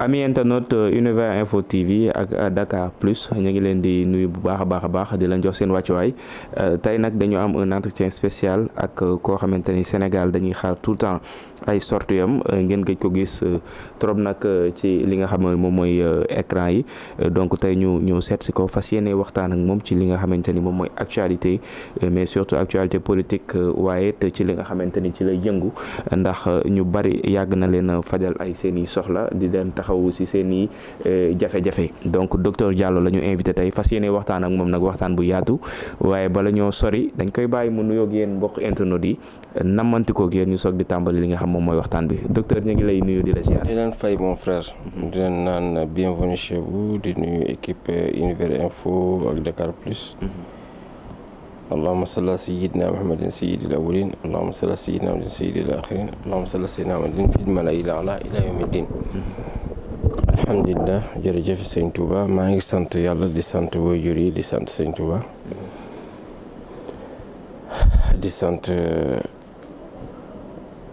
ami internet euh, univers info tv ak euh, Dakar plus ñu ngi leen di nuyu bu baax a baax a baax di leen jox seen waay euh, tey nag dañu am un entretien spécial ak koo xamante ni Sénégal dañuy xaar tout le temps ay sorties am ngeen gëj ko gis trop nag ci li nga xam moom mooy écran yi donc tey ñu ñëw seet ko fas yéene waxtaan ak moom ci li nga xamante ni moom mooy actualité mais surtout actualité politique waaye te ci li nga xamante ni ci lay yëngu ndax ñu bari yàgg na leen fajal ay seeni soxla di leen taxawu si seen i eh, jafe-jafe donc docteur Diallo la ñu invité tey fas yéene waxtaan ak moom nag waxtaan bu yaatu waaye bala ñoo sori dañ koy bàyyi mu nuyoog yéen mbokk internet yi namanti koog yéen ñu soog di tàmbali li nga xam moom mooy waxtaan bi docteur ñu ngi lay nuyu di la ziar. di leen fay mon frère. di leen naan bienvenue chez vous di équipe eh, Univers Info ak Dakar Plus. Mm-hmm. اللهم صل على سيدنا محمد سيد الأولين اللهم صل على سيدنا محمد سيد الآخرين اللهم صل على سيدنا محمد في الملأ الأعلى إلى يوم الدين alhamdulilah jërëjëf sëñ Touba maa ngi sant yàlla di sant waajur yi di sant sëñ Touba di sant euh,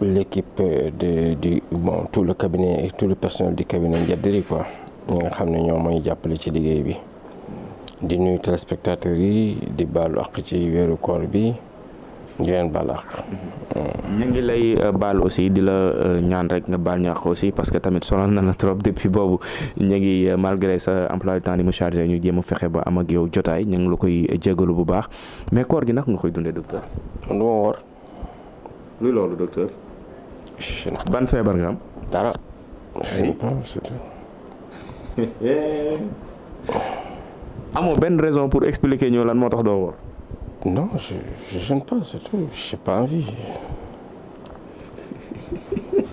l'équipe de du bon tout le cabinet et tout le personnel du cabinet Ndiadéri quoi ñi nga xam ne ñoom mooy jàppale ci liggéey bi. di nuyu téléspectateurs yi di baalu àq ci weeru koor bi di leen baal àq. Mm-hmm. ñu lay euh, baal aussi di la euh, ñaan rek nga baal ñu àq aussi parce que tamit sonal na la trop depuis boobu ñu ngi euh, malgré sa emploi du temps di mu chargé ñu jéem a fexe ba am ak yow jotaay ñu ngi la koy jégalu bu baax mais koor gi nag nga koy dundee docteur. kon du loolu docteur. ban feebar nga am. dara. amoo benn raison pour expliquer ñu lan moo tax doo woor. non je je jeûne pas c'est tout j'ai pas envie.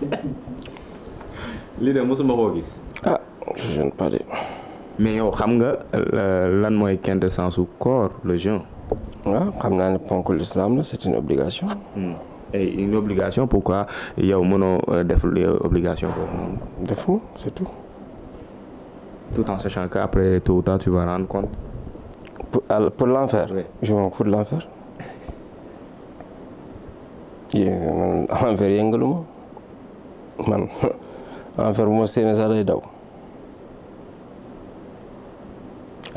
lii de mosuma gis. ah je jeûne pas de. mais yow xam nga lan mooy quintessence su koor le jeûne. waaw ah, xam naa ne ponk l'islam la c'est une obligation. Hmm. et une obligation pourquoi yow mënoo euh, def euh, obligation boobu. defu c'est tout. tout en sachant que après tout temps tu vas rendre compte. pour euh, pour l'enfer. Oui. je m'en fous de man enfer yëngalu ma man enfer bu ma séenee daw.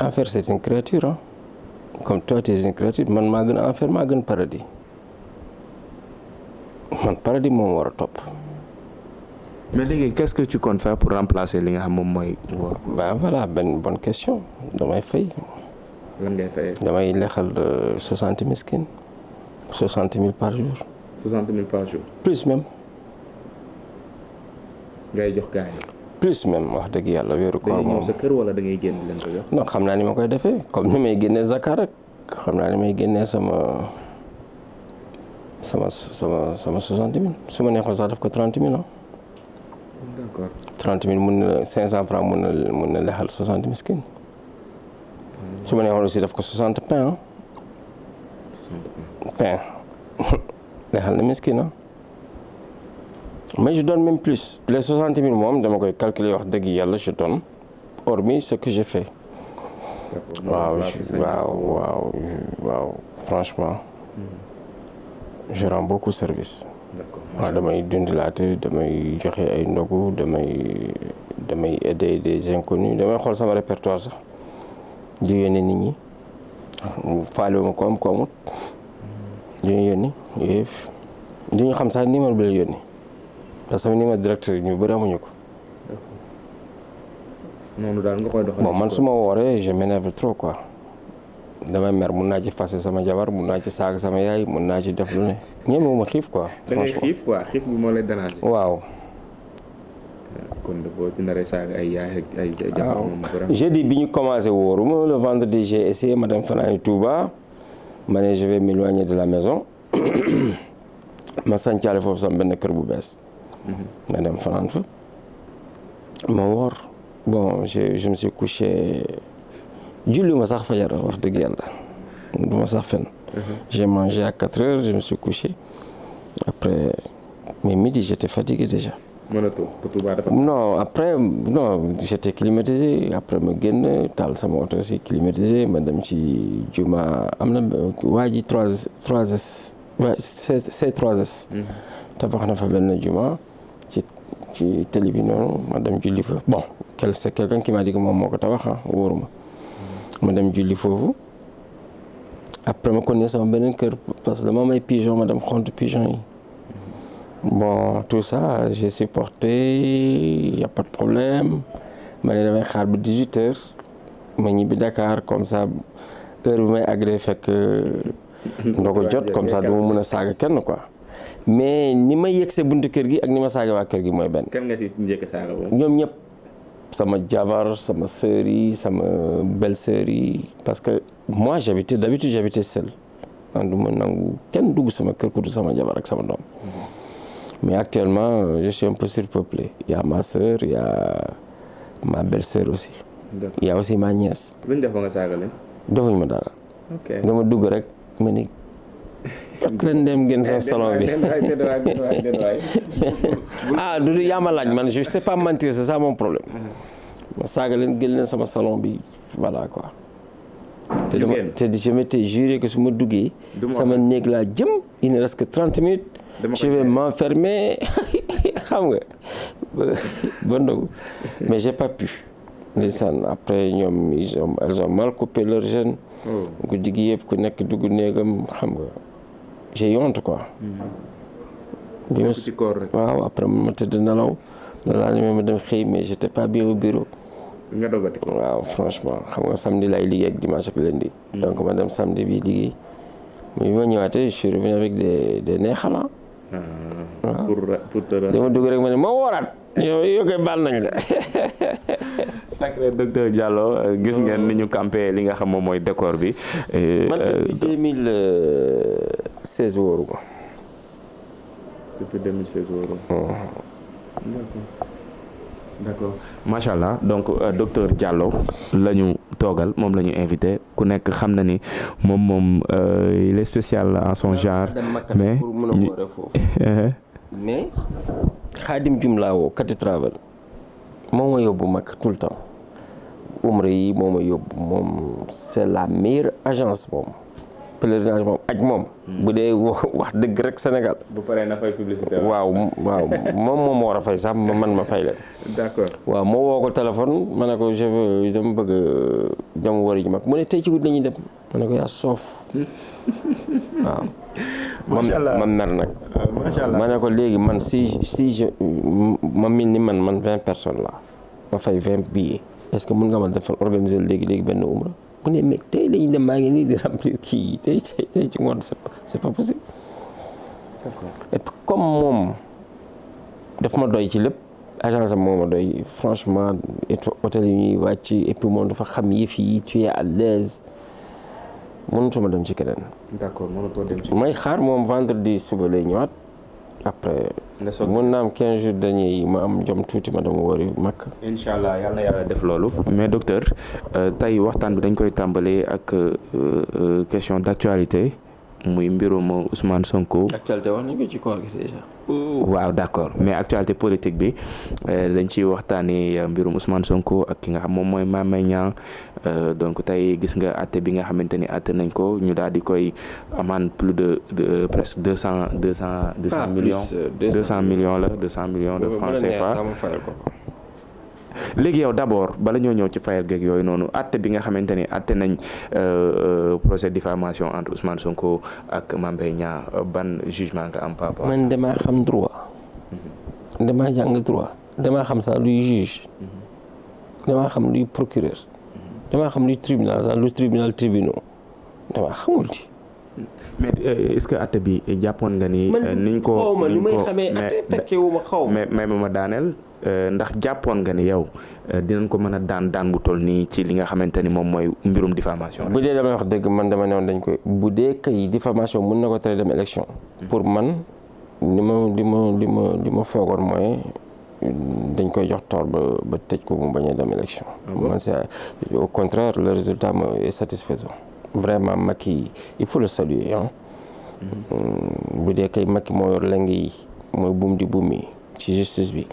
enfer c'est une comme toi tu es une man maa gën enfer maa gën paradis man paradis moom war a topp. mais léegi qu'est-ce que tu comptes faire pour remplacer li nga xam moom mooy. waaw voilà benn bonne question damay fay. lan ngay fay. damay lexal euh, soixante miskin soixante mille par jour. soixante mille par jour. plus même. ngay jox gars yi. wax dëgg yàlla weeru koor moom sa kër wala da génn leen ko jox. non xam naa ni ma koy defee comme nu may génnee zakar rek xam naa ni may génnee sama sama sama sama soixante mille su ma neexoon sax def ko trente mille ah. d' accord trente mille mun na cinq cent mun na mun na lexal soixante miskin. su ma neexoon aussi daf ko soixante pain ah. soixante pain lexal na miskin ah. mais je donne plus les soixante mille moom dama koy calculer wax dëgg yàlla je donne hormis ce que j'ai fait. waaw franchement. Mm. je beaucoup service. waaw damay dundilaate damay joxe ay ndogu damay damay aider des inconnus damay xool sama répertoire sax jigéen nit ñi faalewuma ko am ko amut di ñu yónni yëf di ñu xam sax numéro bi la yónni parce que sama numéro directeur ñu bëri amuñu ko. noonu daal nga koy doxal bon man su ma wooree je m'énerve trop quoi. damay mer mun naa ci fase sama jabar mun naa ci saag sama yaay mun naa ci def lu ne ñemewu ma xiif quoi. da bi waaw. kon boo ci naree saag ñu commencé wóoruma le vendredi j'ai essayé ma dem fan ay Touba ma mi je vais m'éloigner de la maison ma sàncaale foofu sama benn kër bu bees. Mhm. ma fanaan fa ma woor bon je je me suis julli ma sax fajar wax dëgg yàlla du ma sax fen mhm. j'ai mangé à quatre heures je me suis couché après mais midi j'étais fatigué déjà non après non j'étais climatisé après ma génn taal sama oto si climatisé ma dem ci juma am na waa ji trois trois S waa c'est mhm. na fa juma ci ci télé bi ma dem julli fa bon quel c'est quelqu'un qui m'a dit moom moo ko tabax ah ma dem julli foofu après ma continuer sama beneen kër parce que dama may pigeon ma dem xont pigeon yi bon tout ça j'ai supporté y a pas de problème ma ne damay xaar ba 18 heures ma ñibbi Dakar comme ça heure bi may agré fekk ndogu jot comme ça duma mën a saaga kenn quoi mais ni ma yegg see buntu kër gi ak ni ma saaga waa kër gi mooy benn. kan nga ci ñoom ñëpp. sama jabar sama sœur yi sama bel sœur yi parce que mois j'habitais d'habitude j'habitais seul man ah, du ma nangu kenn dugg sama kër ku sama jabar ak sama doom mais actuellement euh, je suis un peu surpeuplé il ma sœur il y ma belle-sœur aussi. il aussi ma nièce. lu ñu def ba nga saaga defuñ ma dara. dugg rek càq leen dem ngeen sa salon bi ah du yaa ma laaj man je sa pas mentir c'est ça mon problème ma saaga leen gën leen sama salon bi voilà quoi. te dama te je m'étais juré que su ma duggee. sama néeg laa jëm il ne reste que trente minutes. je vais m'enfermer xam nga ba ndogu mais j'ai pas pu. ndeysaan après ñoom ils ont mal coupé leur jeûne. Oh. guddi gi yëpp ku nekk dugg néegam xam nga. j'ai eu honte quoi. bi ma si koor rek après ma tëdd nelaw la laa ma dem xëy mais j'étais pas bien au bureau. franchement xam nga samedi lay liggéey dimanche ak lundi. Mm-hmm. donc ma dem samedi bi liggéey. mais bi ma ñëwaatee je avec des neexala. Ah. Ah, waaw ma ne ma wooraat. yow yow kay baal nañ la. sacré docteur Diallo gis ngeen ni ñu campé li nga xam moom mooy décor bi. man euh, depuis deux mille seize wóoru oh. allah donc euh, docteur Diallo la ñu toogal moom la ñu invité ku nekk xam na ni moom moom euh, il est spécial en son genre mais. mais xaadim jumlaa woo kati travel moo ma yóbbu mag tout le temps umra yi moo ma moom c'est la meilleure agence moom pèlerinage moom aj moom. Hmm. bu dee wax dëgg rek Sénégal. bu paree na fay publicité waaw waaw moom moom moo war a fay sax man ma fay leen. d'accord waaw moo woo ko téléphone ma ne ko je veux bëgg a euh, jam wari ji mag mu ne tey ci guddi nañu dem ma ne ko yaa soof waaw. macha allah man mer nag. Ah, macha ma ne ko léegi man si si je ma mel ni man man vingt personnes la ma fay vingt billets est-ce que nga ma defal organiser léegi léegi benn umra. mu ne mais tey lañu dem maa ngi nii di remplir kii yi tey ci ngoon c'est c'est pas possible et comme moom daf ma doy ci lépp agence am moo ma doy franchement hôtel yi ñuy wàcc et puis moom dafa xam yëf yi tu es à l'aise toma dem ci keneen. d'accord mënatoo dem ci. may xaar moom vendredi suba lay ñëwaat. après. mën naa am 15 jours dañuy ma jom tuuti ma dama wari makk. incha allah yal yàlla def loolu. mais docteur euh, tey waxtaan bi dañ koy tàmbalee ak euh, euh, question d' actualité muy mbirum Ousmane Sonko. actualité wax nañ ko ci koor gi déjà. waaw d'accord mais actualité politique bi euh, dañ ciy waxtaanee euh, mbirum Ousmane Sonko ak ki nga xam moom mooy Mame Mbaye euh, donc tey gis nga ate bi nga xamante ni àtte nañ ko ñu daal di koy amende plus de presque deux cent deux cent. deux cent ah, millions deux cent millions la deux cent millions de francs CFA léegi yow d' abord bala ñoo ñëw ci fayal geeg yooyu noonu atte bi nga xamante ni atte nañ euh, euh, procès diffamation entre Ousmane Sonko ak Mame Mbaye ban jugement nga am papa. man damaa xam droit. Mhm. damaa jàng droit. damaa xam sax luy juge. Mhm. damaa xam luy procureur. Mhm. damaa xam luy tribunal sax lu tribunal tribunal damaa xamul ci. mais euh, est-ce que atte bi jàppoon nga ni. niñ ko man xaw ma lu may xamee atte fekke xaw mais mais ma daaneel. Euh, ndax jàppoon nga ni yow euh, dinañ ko mën a daan daan bu toll nii ci li nga xamante ni moom mooy mbirum diffamation bu dee damay wax dëgg man dama ne dañ koy bu dee kay diffamation mën na ko te dem élection hmm. pour man li ma li ma li ma li ma foogoon mooy dañ koy jox toor ba ba tëj ko mu bañ a dem élection ah man c'est au contraire le résultat est satisfaisant vraiment Macky il faut le saluer ah bu dee kay Macky moo yor leng yi mooy buum di buum yi ci justice bi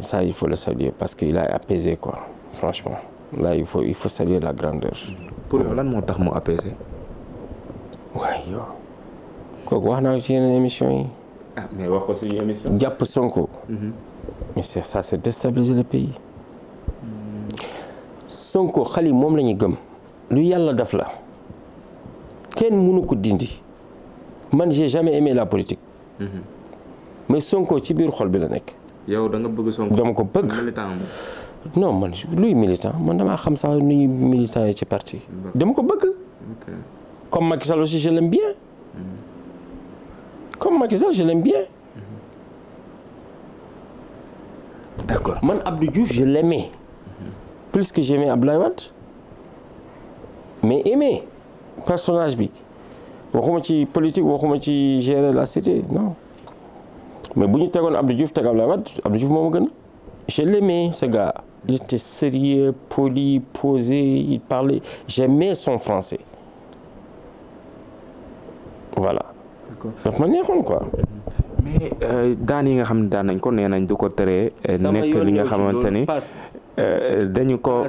Ça, il faut le saluer parce qu'il a apaisé, quoi. Franchement, là, il faut, il Pour lan moo tax mu apaisé. kooku wax naa ko ci yeneen émission yi. Ah, mais wax ko jàpp Sonko. Mhm. mais c'est ça c'est le pays. Sonko xale moom la ñu gëm. lu yàlla def la. kenn mënu ko dindi. man j'ai jamais aimé la politique. Mhm. mais Sonko ci biir xol bi la nekk. yow da nga bëgg Sonko dama ko bëgg militant non man luy militant man damaa xam sax nu ñuy militant yi ci parti dama ko bëgg. comme Macky Sall aussi je l'aime mm-hmm. comme Macky Sall je l'aime bien. Mm-hmm. man Abdou Diouf je mm-hmm. plus que j'aimais Abdoulaye Wade mais aimé personnage bi waxuma ci politique waxuma ci gérer la cité mais bu ñu tegoon Abdou Diouf teg la Wade Abdou Diouf moo ma gën je l'aimais ce gars il était sérieux poli posé il parlait j'aimais son français voilà. d'accord ma neexoon quoi. mais euh, daan yi nga xam ne daan nañ ko nee nañ du ko teree. nekk li nga xamante ni Euh, dañu ko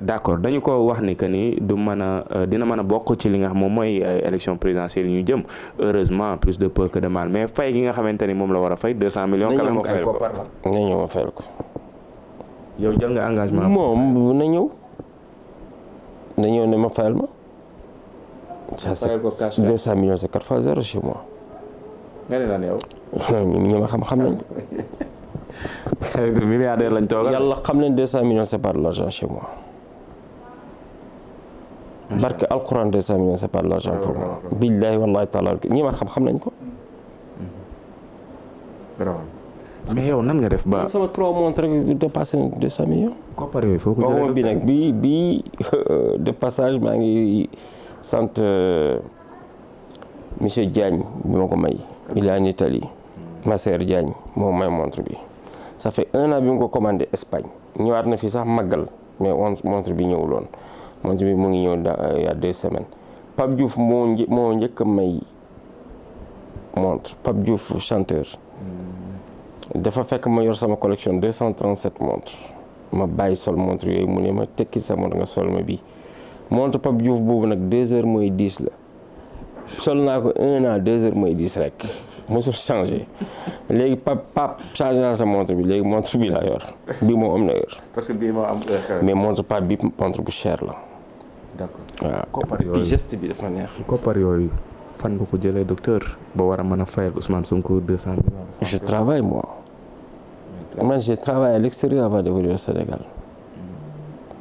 d'accord dañu ko wax ni que ni du mën a euh, dina man a bokk ci li nga xam moom mooy euh, élection présidentielle yi ñu jëm heureusement plus de peu que de mal mais fay gi nga xamante ni moom la war a fay deux cent millions. ko na ñëw ma nga engagement. moom na ñëw. na ñëw ne ma fayal ma. fayal ko cash deux cent millions c'est ma xam xam nañ xaritu milliardaire lañ toogal yàlla xam leen de l'argent chez moi. barke alquran deux cent millions c'est pas de l'argent pour moi. billahi wallahi taala ñi ma xam xam nañ ko. Mm-hmm. nan nga def ba. sama trois mois rek dépassé na deux cent millions. koppar yooyu foo ko jëlee bi nag bii bii de passage maa ngi sant euh, monsieur Diagne bi ma ko may. il est en Italie. Mm. ma moo may montre bi. ça fait un bi mu ko commandé Espagne ñëwaat na fi sax màggal mais montre bi ñëwuloon montre bi mu ngi ñëw euh, il y deux semaines Pape Diouf moo moo njëkk a may montre Pape Diouf chanteur mm. dafa fekk ma yor sama collection 237 montres ma bàyyi sol montre yooyu mu ne ma tekki sa montre nga sol ma bi montre Pape Diouf boobu nag deux heures mooy dix la sol naa ko un an deux heures mooy dix rek mosul changé léegi pap pap changé naa sa montre bi léegi montre bi laa yor bii moom am na heure. parce que bii moo am heure. mais montre pap bi montre bu cher la. d'accord waaw koppar yooyu geste bi dafa neex. koppar yooyu fan nga ko jëlee docteur ba war a mën a fayal Ousmane Sonko deux cent mille. je travaille moi. man j'ai travaillé à l'extérieur avant de venir au Sénégal. Mm.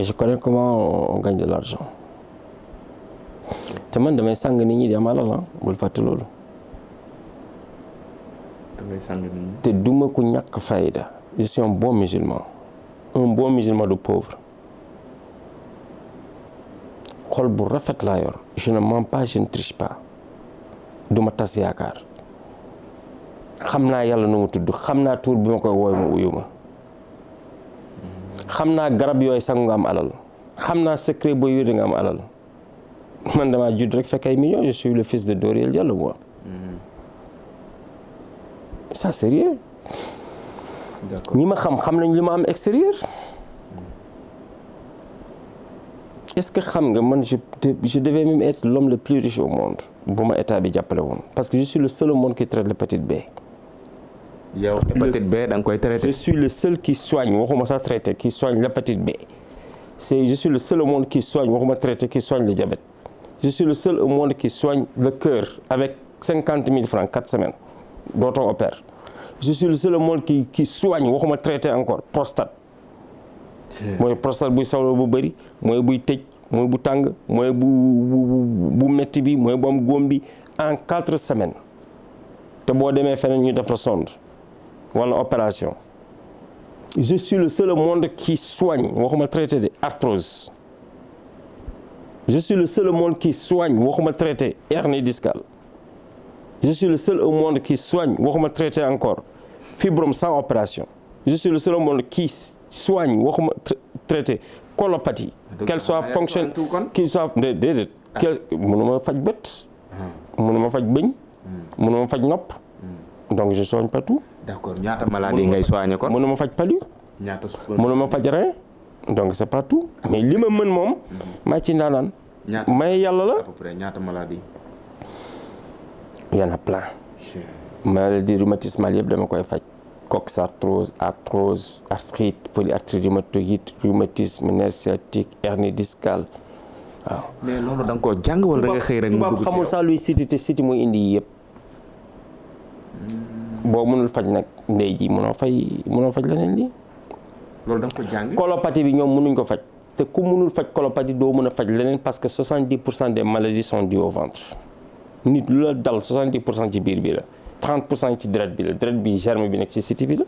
et je connais comment on gagne de l'argent te man damay sàng nit ñi di am alal ah, bul fàtte loolu. te duma ku ñàkk fayda je suis un bon musulman un bon musulman du pauvre xol bu rafet laa yor je ne mens pas duma tas yaakaar xam naa yàlla nu mu tudd xam naa tuur bi ma koy wooy ma uyu ma xam naa garab yooyu sangu nga am alal xam naa secret boo yuri nga am alal man damaa judd rek fekk ay millions je suis le fils de Doriel Diallo moi. Mhm. ça c'est sérieux. ñi ma xam xam nañ li ma am extérieur. Mhm. est-ce que xam nga man je je devais même être l'homme le plus riche au monde bu ma état bi jàppale woon parce que je suis le seul au monde qui traite l'hépatite B. yow hépatite nga koy traité. je le seul qui soigne waxuma sax traité qui soigne l'hépatite B c'est je suis le seul au monde qui soigne waxuma traité qui soigne le diabète. je suis le seul au monde qui soigne le cœur avec cinquante mille francs quatre semaine dootoo opère je suis le seul au monde qui qui soigne waxuma traité encore prostate. mooy prostate buy sawlo bu bëri mooy buy tëj mooy bu tàng mooy bu bu metti bi mooy bu am góom bi en quatre semaines te boo demee feneen ñu def la sonde wala opération je suis le seul au monde qui soigne waxuma traité de arthrose je suis le seul au monde qui soigne waxuma traité hernie discale je suis le seul au monde qui soigne waxuma traité encore fibrome sans opération je suis le seul au monde qui soigne waxuma traité colopathie qu'elle soit fonctionne qu'il soit déedéet ah. quel faj bët hmm. mënuma faj bëñ hmm. mënuma faj nopp hmm. donc je soigne pas tout d'accord ñaata maladie ngay soigné kon mënuma faj palu ñaata mënuma faj rein donc c'est pas tout mais li ma mën moom. Mhm. maa ci ndaanaan. may yàlla la à peu ñaata maladie. y en a plein. yëpp dama koy faj. coxarthrose arthrose arthrite polyarthrite rhumatoïde rhumatisme nerf sciatique hernie discale waaw. mais loolu da ko jàng wal da xëy rek. mu dugg ci xamul sax luy siti te siti mooy indi yii yëpp. Hmm. boo mënul faj nag ndey ji mënoo fay mënoo faj leneen lii. loolu da nga ko jàng. colopathie bi ñoom mënuñ ko faj te ku mënul faj colopathie doo mën a faj leneen parce que 70 pour cent des maladies sont dues au ventre nit lu la dal pour cent ci biir bi la 30 pour cent ci deret bi la deret bi germe bi nekk ci cité bi la.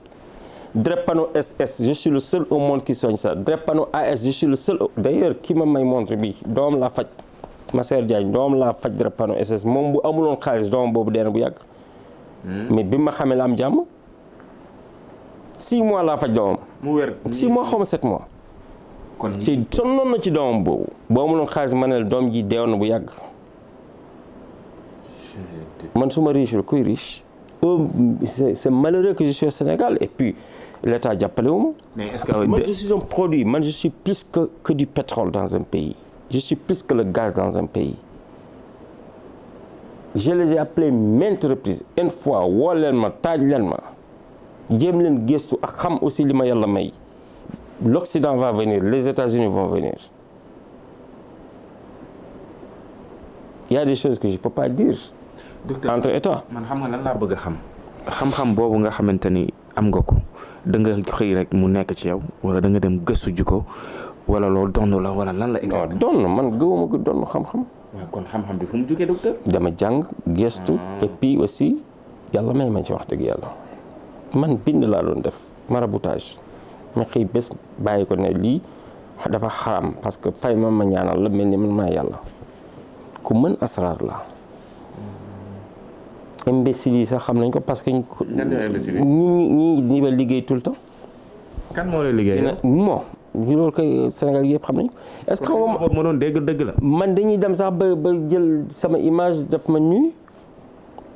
drépano SS je suis le seul au monde qui soigne ça drépano AS je suis le seul d' may montre bi doom laa faj Masser Diagne doom laa faj drépano SS moom bu amuloon xaalis doom boobu dee na bu yàgg. Hmm. mais bi ma xamee la am jàmm. six mois laa faj doomam. mu wér six mois xaw ma mois. kon ci sonnoon na ci doomam boobu. boo amuloon xaalis ma doom ji deewoon na bu yàgg. man su ma riche la kuy riche. Oh, c'est malheureux que je suis Sénégal et puis l'État jàppale wu ma. mais est-ce que man je suis produit man je suis plus que que du pétrole dans un pays. je suis plus que le gaz dans un pays. je les ai appelés maintes une fois woo leen ma taaj leen ma. jéem leen gestu ak xam aussi li ma yàlla may l'Occident va venir les États-Unis vont venir il y a des choses que je pas dire. entre états man xam nga lan laa bëgg xam. xam-xam boobu nga xamante ni am nga ko da nga xëy rek mu nekk ci yow wala da nga dem gëstu ji ko wala loolu donn la wala lan la. exactement donn man gëwuma ko donn xam-xam. kon xam bi fu mu jógee docteur. dama jàng gëstu ah. et puis aussi yàlla may ma ci wax dëgg yàlla. man bind laa doon def maraboutage ma xëy bés bàyyi ko na lii dafa xaram parce que fay ma ma ñaanal la mel ni man maa yàlla ku mën asraar la imbécile yi sax xam nañ ko parce que. ñi ñi ñi ba liggéey tout temps. moo lay liggéey moo Sénégal yëpp xam nañ ko. est que xam dégg dëgg la. man dañuy dem sax ba jël sama image def ma nuy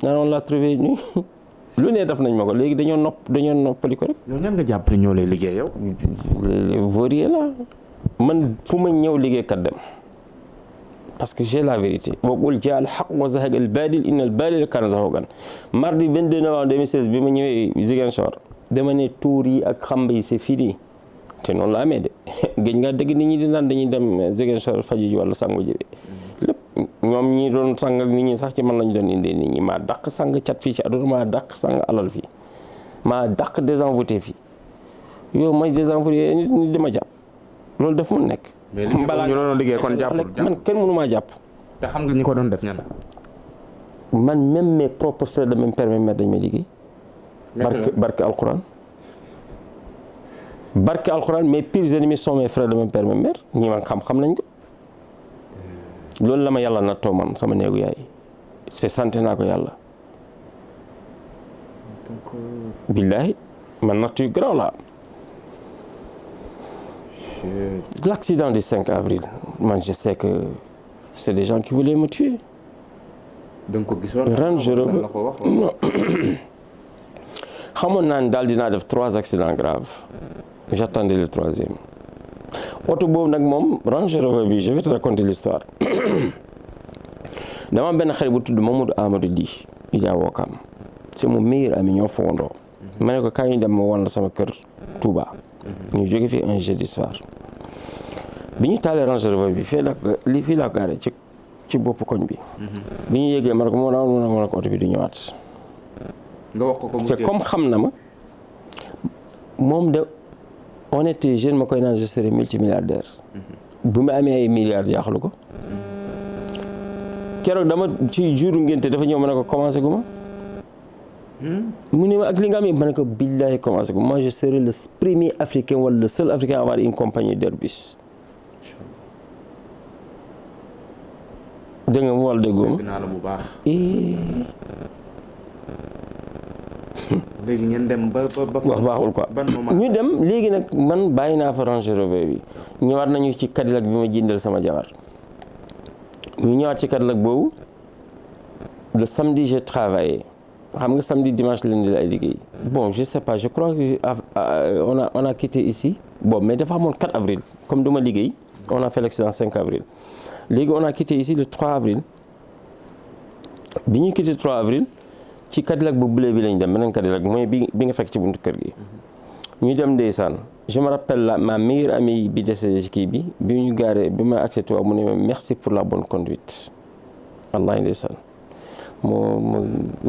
naa la trouvé nuy lu ne def nañ ma ko léegi dañoo nopp dañoo noppali ko rek. yow ñan nga jàpp lay liggéey yow. vaurier la man fu ma ñëw liggéeykat dem parce que j'ai la vérité. wa qul jaa al haqq wa zahaqa al baadil inna al baadila kaana zahuuqan mardi 22 novembre 2016 bi ma ñëwee Ziguinchor dama ne tuur yi ak xamba yi c'est fini te noonu la amee de gën nga dëgg nit ñi di naan dañuy dem Ziguinchor faju ji wala sangu ji ñoom ñi doon sangal nit ñi sax ci man lañ doon indee nit ñi maa dàq sang cat fii ci àdduna maa dàq sang alal fii maa dàq désenvoûté fii yow may désenvoûté nit ñi dama jàpp loolu daf mun nekk. mais li ñu doon liggéey kon jàpp man kenn mënu maa jàpp. te xam ko man même mes propres de même père même mère dañ may liggéey. barke barke alquran barke alquran mes pires ennemis sont de même père même ñi ma xam xam nañ ko. loolu la ma yàlla nattoo man sama néegu yaay te santé naa ko yàlla. billahi man natt yu garaaw laa. l' accident du avril man que c' est des gens qui voulaient me tuer. da nga ko gisoon ren je xamoon naa ne daal dinaa def trois accidents graves j'attendais le troisième. oto boobu nag moom Range Rover bi je te raconter l'histoire dama benn xarit bu tudd Mamadou mu Di Idia Wokam c'est mon meilleur ami ñoo fowandoo mhm. ma ne ko kaay ñu dem ma wan sama kër tuuba mhm. ñu jóge fi un jeudi soir bi ñu taalee Range Rover bi fii la li fii la ci boppu koñ bi mhm. bi ñu yéegee ma ne ko moo daan mën bi du ñëwaat nga wax comme xam na ma moom de on était jeune ma koy naan je serai multimilliardaire mhm. bu ma amee ay milliards jaaxlu keroog dama ci juru ngénte dafa ñëw ma ne ko commencé gu ma hmm? mu ne ma ak li nga am ma ne ko billahi commencé gu ma je serai le premier africain wala le seul africain à avoir une compagnie d'Airbus dégg nga mu wala déggoo ma léegi ngeen dem ba ba wax baaxul quoi ñu dem léegi nag man bàyyi naa fa Range Rover bi ñëwaat nañu ci Cadillac bi ma jindeel sama jabar ñu ñëwaat ci Cadillac boobu le samedi j'ai travaillé xam nga samedi dimanche la lay liggéey bon je sais pas je crois que euh, euh, on a on a mais dafa amoon 4 avril comme du ma liggéey on a fait l'accident avril léegi on a quitté ici le trois avril bi ñu quitté 3 avril ci Cadillac bu bleu bi lañ dem beneen Cadillac mooy bi bi nga fekk ci buntu kër gi. ñu dem ndeysaan je me rappelle la ma meilleure amie bi desee ci kii bi bi ñu gaaree bi ma accepté waaw mu ne ma merci pour la bonne conduite wallaahi ndeysaan moo ma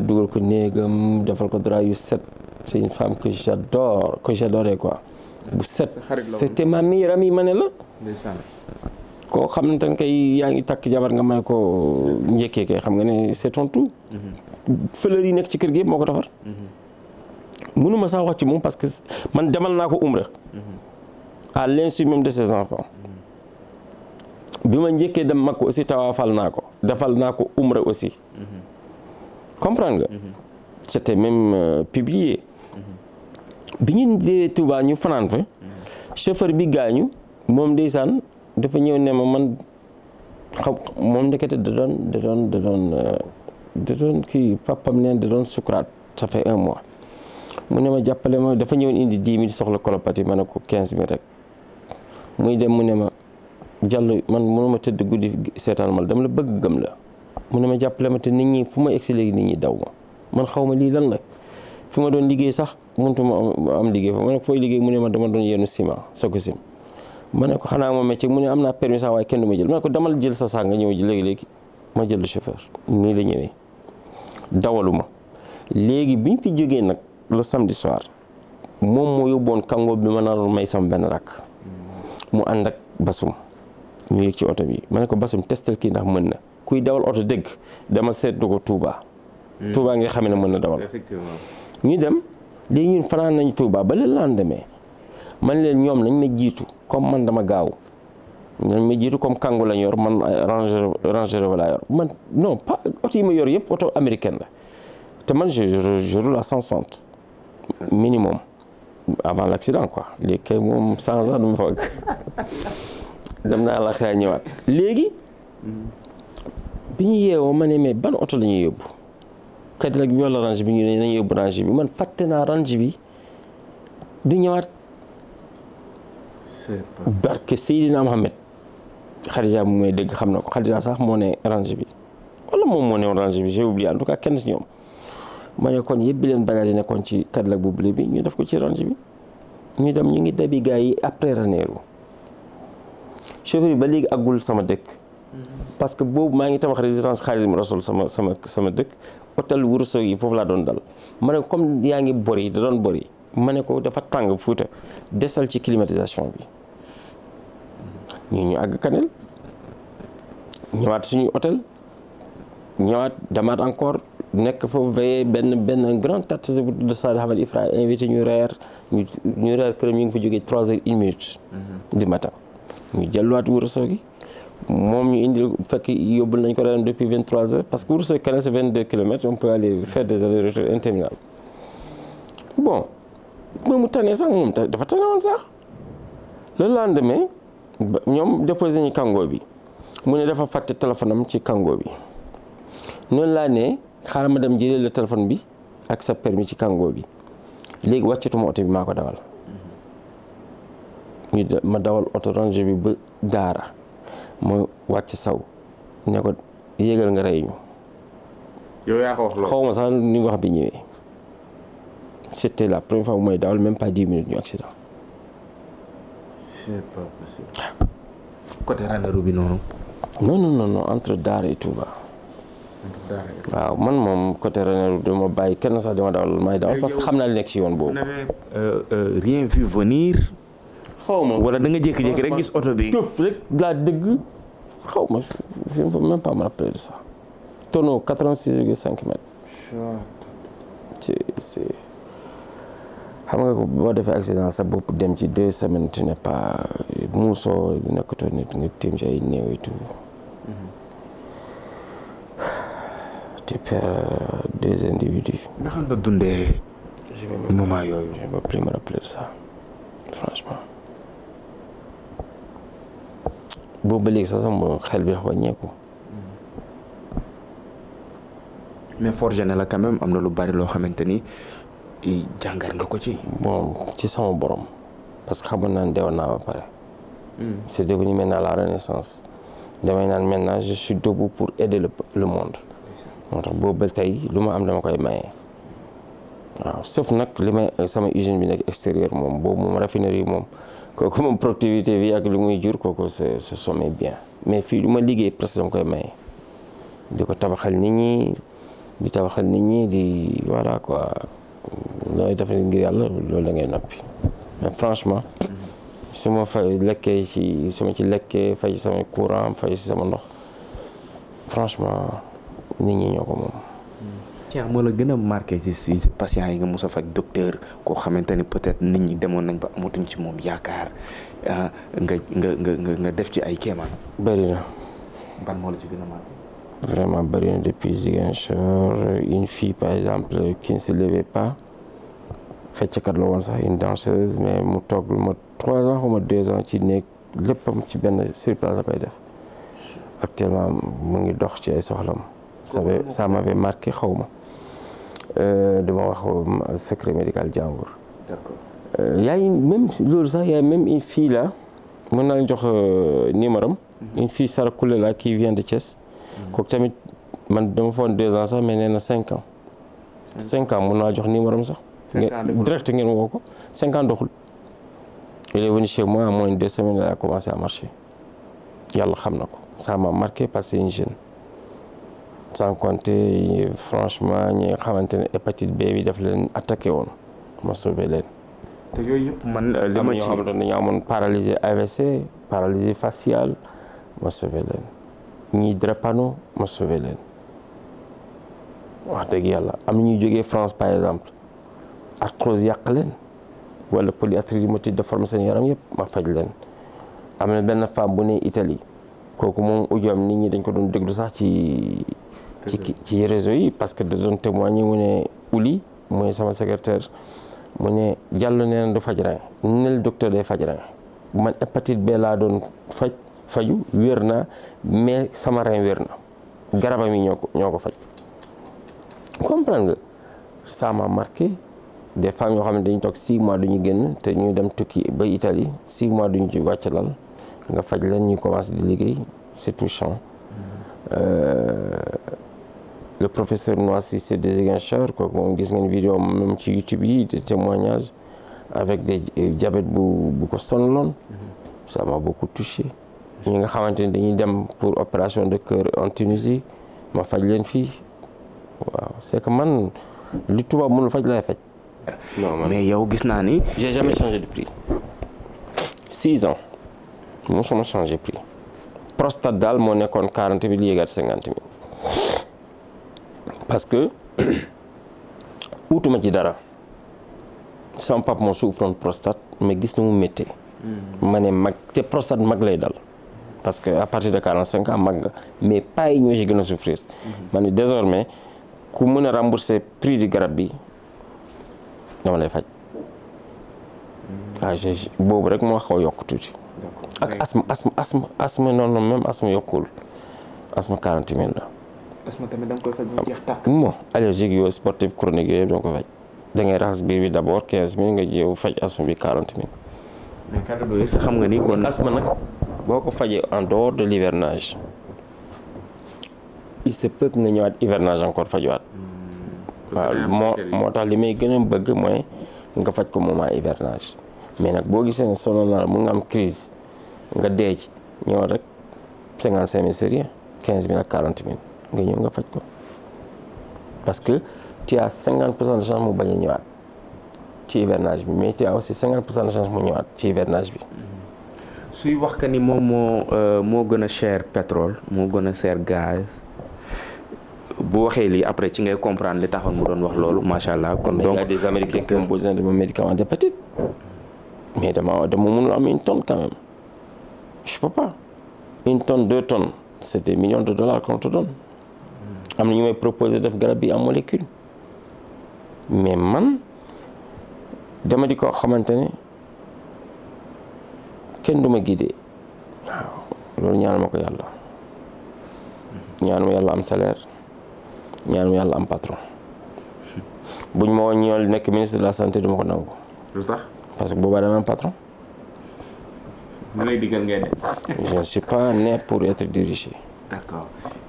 dugal ko néegam defal ko drap yu set c'est une femme que j'adore que j'adorais quoi bu set c'était ma meilleure amie ma ne la koo xam ne kay yaa ngi takk jabar nga may ko njëkkee kay xam nga ne c'est ton tout fleurs nekk ci kër gi moo ko defar mënuma sax wax ci moom parce que man demal naa ko umra à l'insu même de ses enfants ma njëkkee dem mag ko aussi tawaafal naa ko defal naa ko umra aussi comprend nga c'était même euh, publié bi ñu dee Touba ñu fanaan fa chauffeur bi gaañu moom ndeysaan dafa ñëw ne ma man xaw moom ndekete da doon da doon da doon euh, da doon kii papam neen da doon sukuraat ça fait un mois mu ne ma jàppale ma dafa ñëw indi dix mille soxla colopathie ma ne ko quinze mille rek muy dem mu ne ma jàll man ma tëdd guddi seetaan ma dama la bëgg gëm la mu ne ma jàppale ma te nit ñi fu ma egsi léegi nit ñi daw ma man xaw ma lii lan la fi ma doon liggéey sax mun ma am liggéey fa ma ne fooy liggéey mu ne ma dama doon yenn ciment sa ko sim ma ne ko xanaa ma métier mu ne am na permis sax waaye kenn du ma jël ma ko damal jël sa sax nga ñëw ji léegi léegi ma jël chauffeur nii la ñëwee dawaluma léegi bi ñu fi jógee nag le samedi soir moom moo yóbboon kangoo bi ma naroon may sam benn rakk mu ànd ak basum ñu yëg ci oto bi ma ne ko basum testal kii ndax mën na kuy dawal oto dëgg dama seetlu ko Touba. Hmm. Touba nga xam ne mën na dawal. effectivement ñu dem léegi ñun fanaan nañu tuubaa ba le lendemain man leen ñoom nañ ma jiitu. comme man dama gaaw ñoom mi jiitu comme kàngu lañ yor man euh, ranger ranger laa yor man non pas oto yi ma yor yëpp oto américaine la te man je je roule à 160 minimum avant l' accident quoi léegi kay moom 100 ans du ma foog dem naa la xëy ñëwaat léegi. bi ñu yeewoo ma ne mais ban oto lañuy ñuy yóbbu kat nag bi wala range bi ñu ne nañu bi man fàtte naa range bi di barke Seydina Mohamed Xadija moom may dégg xam na ko Xadija sax moo ne range bi wala moom moo ne range bi j'ai oublié en tout kenn si ñoom ma ne kon yëpp bi leen bagage nekkoon ci Cadillac bu bleu bi ñu def ko ci range bi ñu dem ñu ngi dabi gars yi après Ranérou chauffeur yi ba léegi àggul sama dëkk parce que boobu maa ngi tabax résidence Xaadimu Rasuul sama sama sama dëkk hôtel Wurso yi foofu laa doon dal ma ne comme yaa ngi bori da doon bori ma ne ko dafa tàng fuuta desal ci climatisation bi ñu ñu àgg Kanel ñëwaat suñu hôtel ñëwaat damaat encore nekk foofu veillé benn benn grand artiste bu tudd Sadio Ahmed Ifra invité ñu reer ñu ñu reer këram ngi fa jógee trois heures une minute mhm. du matin ñu jëlluwaat Wourossogui moom ñu indi fekk yóbbul nañ ko reeram depuis vingt trois heures parce que Wourossogui Kanel c'est vingt deux kilomètres on peut aller faire des allers-retours bon moomu tane sax moom dafa tane woon sax le lendemain ñoom déposé ñu kàngoo bi mu ne dafa fàtte téléphone am ci kàngoo bi noonu laa ne xaaral ma dem jëlee la téléphone bi ak sa permis ci kàngoo bi léegi wàccatuma oto bi maa ko dawal ma dawal oto ranger bi ba daara mooy wàcc saw nekko ko yégal nga rey ñu. yow wax loolu xaw ma sax ni wax bi ñëwee c'était la première fois bu may dawal même pas dix minutes ñu accident. c'est pas bi noonu. non non non non entre Daara et Touba. waaw man moom côté Ranérou dama bàyyi kenn sax dama dawal may dawal parce que xam naa li nekk ci yoon boobu. Euh, euh, rien vu venir. xaw ma wala da nga jékki-jékki rek gis oto bi. tëf rek laa dëgg xaw ma je ne peux pas me rappeler de ça. tonneau 86,5 xam nga boo defee accident sa bopp dem ci deux semaines tu ne pas muusoo nekkatoo nit nga tiim ci ay néew et tout mhm. tu perds euh, deux individus. ndax nga dundee moment yooyu. je vais plus me rappeler franchement boobu ba léegi sama xel bi dafa wàññeeku. Mhm. mais forgé na la am na lu bari loo xamante ni. jàngat nga ko ci. bon ci sama borom parce que xamoon naa ne deewoon naa ba pare. Hmm. c'est devenu maintenant la renaissance damay naan maintenant je suis pour aider le le monde. moo tax boobu ba tey lu ma am dama koy maye. waaw sauf nag li may sama usine bi nekk extérieur moom boobu moom raffinerie moom kooku moom productivité bi ak lu muy jur kooku c'est c'est sommet bien mais fii lu ma liggéey presque dama koy maye. di ko tabaxal nit ñi di tabaxal nit ñi di voilà quoi. looy def ngir yàlla loolu dangay ngay noppi mais franchement su ma fay lekkee ci su ma ci lekkee fay ci sama courant fay ci sama ndox franchement nit ñi ñoo ko moom. moo la gën a marqué ci si patient yi nga mus a faj docteur koo xamante ni peut-être nit ñi demoon nañ ba amatuñ ci moom yaakaar ah, nga nga nga nga def ci ay kéemaan. bëri na. ban moo la ci gën a vraiment bëri na depuis Ziguinchor une fille par exemple qui ne se levait pas la woon sax une danseuse mais mu toog ma trois ans ou deux ans ci néeg léppam ci benn sur place la koy def actuellement mu ngi dox ci ay soxlam ça ça m'avait marqué xaw euh, ma dama wax euh, secret médical jàmbur. d'accord euh, yaay même loolu sax yaay même une fille là mën naa jox numéro am. fi mhm. fille Saracoulé là qui vient de kooku tamit man dama foon deux ans sax mais na cinq ans. cinq ans mun naa jox numéro am sax. direct ngeen woo ko cinq ans doxul. il est venu chez moi en moins de deux semaines la commencé à marcher yàlla xam na ko ça m'a marqué parce que une jeune sans compter franchement ñi nga xamante ne hépatite B bi daf leen attaqué woon ma sauvé leen. te yooyu yëpp man euh, li ma ci am amoon paralysé AVC paralysé faciale ma sauvé ñiy drépano ma sauvé leen wax dëgg yàlla am ñuy jógee France par exemple arthrose yàq leen wala polyarthrite rhumatoïde déforme seen yaram yëpp ma faj leen am na benn femme bu ne Italie kooku moom ujoom nit ñi dañ ko doon déglu sax ci ci ci réseau yi parce que da doon témoigner mu ne uli mooy sama secrétaire mu ne jàll neen du faj rein nel docteur day faj rein man hépatite B laa doon faj faju wér na mais sama rein wér na garabam yi ñoo ko ñoo ko faj comprendre nga ça m'a marqué des femmes yoo xam ne dañu toog 6 mois duñu génn te ñu dem tukki ba itali 6 mois duñu ci wàcc lal nga faj leen ñuy commencé di liggéey c'est touchant mm-hmm. euh, le professeur Noir Cissé de Ziguinchor kooku moom gis ngeen vidéo même ci YouTube yi de témoignage avec des jabet euh, bu bu ko sonaloon mm-hmm. ça m'a beaucoup touché ñi nga xamante ni dañuy dem pour opération de cœur en Tunisie ma faj leen fii waaw c'est que man li tubaab mënul faj lay faj. non man yow gis naa ni. j'ai jamais changé de prix six ans mosuma changé prix prostate daal moo nekkoon quarante mille yéegaat cinquante mille parce que uutuma ci dara sama pap moo souffroon prostate mais gis na mu méttee. Hmm. ma mag te prostate mag lay dal. parce que à partir de 45 am mag nga mais pas yi ñoo ci gën a souffrir. Mhm. ma ne désormais ku mën a rembourser prix du garab bi dama lay faj. Mhm. ah boobu rek moo xaw a yokk tuuti. ak asthme asthme asthme asthme non non même asthme yokkul asthme 40 000 la. asthme tamit da nga koy faj mu jeex tàkk. non allergique yooyu sportif chronique yooyu yëpp da nga koy faj bi d' abord 15 000 nga jéew faj asthme bi 40 000. nga ni kon asthme nag. boo ko fajee en dehors de l'hivernage il se peut nga ñëwaat hivernage encore fajuwaat hmm. waaw moo moo tax li may gën bëgg mooy nga faj ko moment hivernage mais nag boo gisee ne sonal naa mu nga am crise nga dee ci ñëw rek cinquante cinq mille quinze mille ak quarante mille nga ñëw nga faj ko parce que tu as cinquante pour cent mu bañ ñëwaat ci hivernage bi mais tu as aussi cinquante pour cent mu ñëwaat ci hivernage bi hmm. suy wax que ni moom moo euh, moo gën a cher petrole moo gën a cher gaz boo waxee lii après ci ngay comprendre li taxoon mu doon wax loolu macha allah. kon donc mais y a des américains qui ont besoin de médicaments d'hépatite mais dama dama mënul am une tonne quand même je peux une tonne deux tonnes c'est des millions de dollars qu'on te donne am na ñu may proposer def garab bi en molécule mais man dama di ko xamante ne. kenn du ma guidé waaw loolu ñaan ma ko yàlla ñaan yàlla am salaire ñaan yàlla am patron buñ ma woon ñool nekk ministre de la santé duma ko nangu. lu tax parce que boobaa dama am patron. mu lay digal suis pas né pour être dirigé.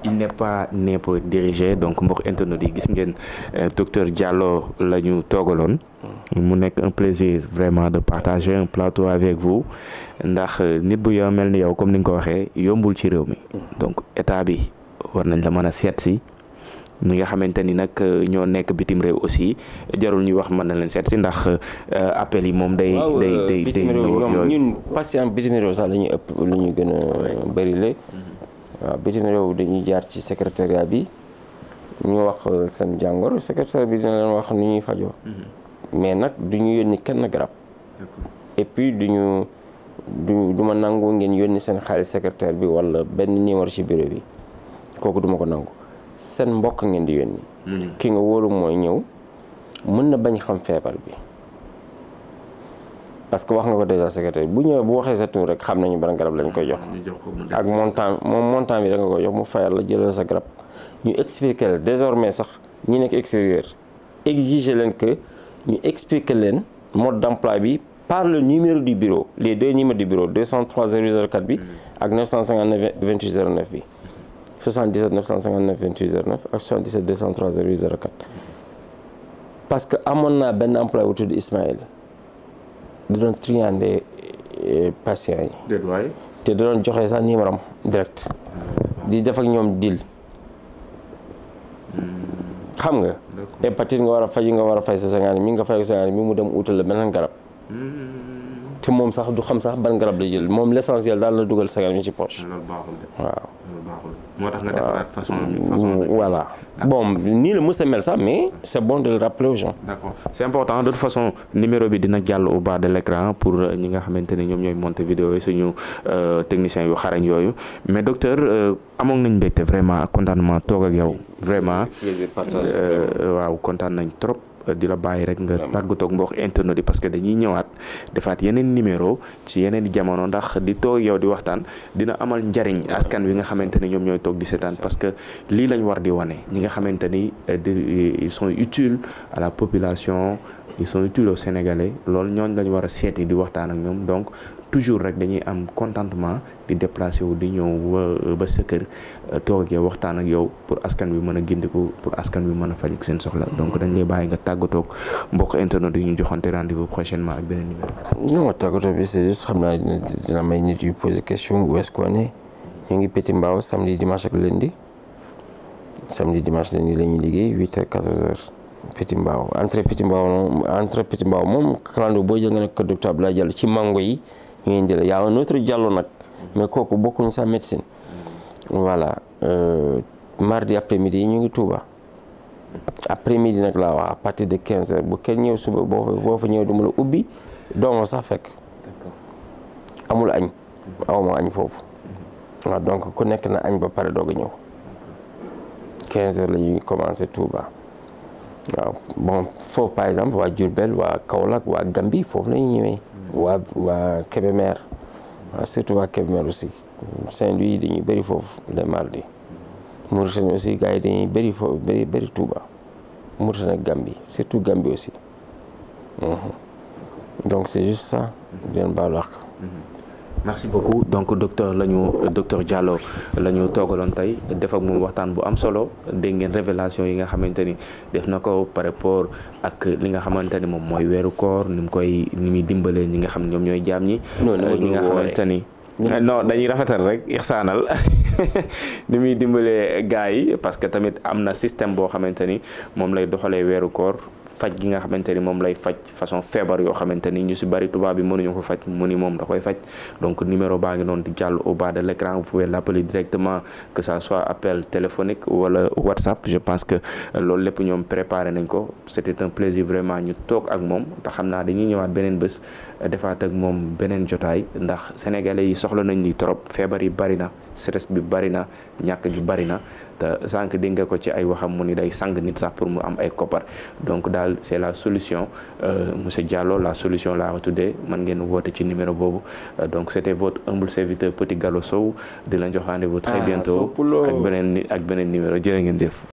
il n'est pas né pour diriger donc mbokk internet yi gis ngeen euh, docteur Diallo la ñu toogaloon. mu nekk un plaisir vraiment de partager un plateau avec vous ndax euh, nit bu yoo mel ni yow comme ni nga ko waxee yombul ci réew mi donc état bi war nañ la mën a seet si ñi nga xamante ni nag euh, ñoo nekk bitim réew aussi jarul ñuy wax mën na leen seet si ndax euh, appel yi moom day day day bitim réew moom ñun bitim réew sax la ñuy ëpp lu ñu gën bëri la mm-hmm. waaw bitim dañuy jaar ci secrétariat bi ñu wax seen jàngoro secrétaire bi dina leen fajoo mm-hmm. mais nag du ñu yónni kenn garab. et puis du ñu du du ma nangu ngeen yónni seen xaalis secrétaire bi wala benn numéro ci bureau bi kooku duma ko nangu seen mbokk ngeen di yónni. ki nga wóolu mooy ñëw mën na bañ xam feebar bi. parce que wax nga ko déjà secrétaire bu ñëwee bu waxee sa tur rek xam nañu ban garab lañ koy jox. ak montant moom montant bi da nga koy jox mu fayal la jëlal sa garab. ñu expliquer la désormais sax ñi nekk extérieur exiger ñu expliquer leen mode d'emploi bi par le numéro du bureau les deux numéros du bureau 203 004 bi ak 959 28 09 bi 77 959 28 09 ak 77 203 08 04 parce que amoon naa benn employé bu tudd Ismaël da doon triander euh, patients yi te da doon joxe sax numéro am direct di def ak ñoom deal xam nga hépatite nga war a faj nga war a fay sa sangaani mi nga fay ko sangaani mi mu dem utal la beneen garab hmm. te moom sax du xam sax ban garab la jël moom l' essentiel daal la dugal sangaani mi ci poche waaw moo tax voilà bon nii la mës a sax mais c' bon de le rappeler aux gens. d' important de toute façon numéro bi dina jàll au bas de l' pour euh, ñi nga xamante ne ñoom ñooy monter vidéo yi suñu euh, techniciens yu xarañ yooyu mais docteur euh, amoon nañ mbégte vraiment kontaan ma toog ak yow. vraiment waaw kontaan nañ trop. di la bàyyi rek nga tàggatoog mbokk internet yi parce que dañuy ñëwaat defaat yeneen numéro ci yeneen jamono ndax di toog yow di waxtaan dina amal njariñ askan wi nga xamante ne ñoom ñooy toog di seetaan parce que lii lañ war di wane ñi nga xamante ni eh, eh, ils sont utiles à la population ils sont utiles aux Sénégalais loolu ñooñ lañ war a seeti di waxtaan ak ñoom donc toujours rek dañuy am contentement di déplacé wu di ñëw ba sa kër euh, toog ak waxtaan ak yow pour askan wi mën a gindiku pour askan bi mën a faj seen soxla mm-hmm. donc dañ lay bàyyi nga tàggatoog mbokk internet yi ñu joxante rendez-vous prochainement ak beneen numéro. non tàggatoo bi c'est juste xam naa dina may nit yu poser question où est-ce qu'on est ñu ngi Petit Mbao samedi dimanche ak lundi samedi dimanche lundi la ñuy liggéey huit heures quatorze heures. Petit Mbao entre Petit Mbao moom entre moom kalandoo boo jël nga ne kër docteur ci mango yi ngeen jëlee y a un autre Diallo nag mais kooku bokkuñ sa médecine voilà euh, mardi après midi yi ñu ngi Touba après midi nag laa wax à partir de 15 heures bu kenn ñëw suba boo fa boo ñëw du ma la ubbi doomo sax fekk amul añ awma añ foofu donc ku nekk na añ ba pare doog ñëw 15 heures la ñuy commencé Touba. waaw bon foofu par exemple waa Diourbel waa Kaolack waa Gambie foofu la ñuy ñëwee. Hmm. waa waa Kébémer waaw surtout waa aussi Saint-Louis dañuy bëri foofu les mardis hmm. Mauritanie aussi gars yi dañuy bëri foofu bëri bëri Touba surtout Gambie aussi hmm. donc c'est juste ça. merci beaucoup donc docteur la ñu docteur Diallo la ñu toogaloon tey def moom waxtaan bu am solo dégg ngeen révélation yi nga xamante ni def na ko par rapport ak li nga xamante ni moom mooy weeru koor ni mu koy ni muy dimbalee ni nga xam ñoom ñooy jaam ñi ñi nga xamante ni eh, non dañuy rafetal rek ixsaanal ni muy dimbalee gars yi parce que tamit am na système boo xamante ni moom lay doxalee weeru koor faj gi nga xamante ni moom lay faj façon feebar yoo xamante ni ñu si bari tubaab bi mënuñu ko faj mu ni moom da koy faj donc numéro baa ngi noonu di jàll au bas de l'écran vous pouvez l'appeler directement que ça soit appel téléphonique wala WhatsApp je pense que loolu lépp ñoom préparé nañ ko c'était un plaisir vraiment ñu toog ak moom te xam naa dañuy ñëwaat beneen bés defaat ak moom beneen jotaay ndax sénégalais yi soxla nañ li trop feebar yi bari na stress bi bari na ñàkk gi bari na te sànq di nga ko ci ay waxam mu ni day sang nit sax pour mu am ay koppar donc daal c'est la solution euh, monsieur Diallo la solution laa ko tuddee mën ngeen woote ci numéro boobu euh, donc c'était votre humble serviteur Petit Gallo Sow di la jox rendez-vous très ah, bientôt ak beneen ak beneen numéro jërë ngeen jëf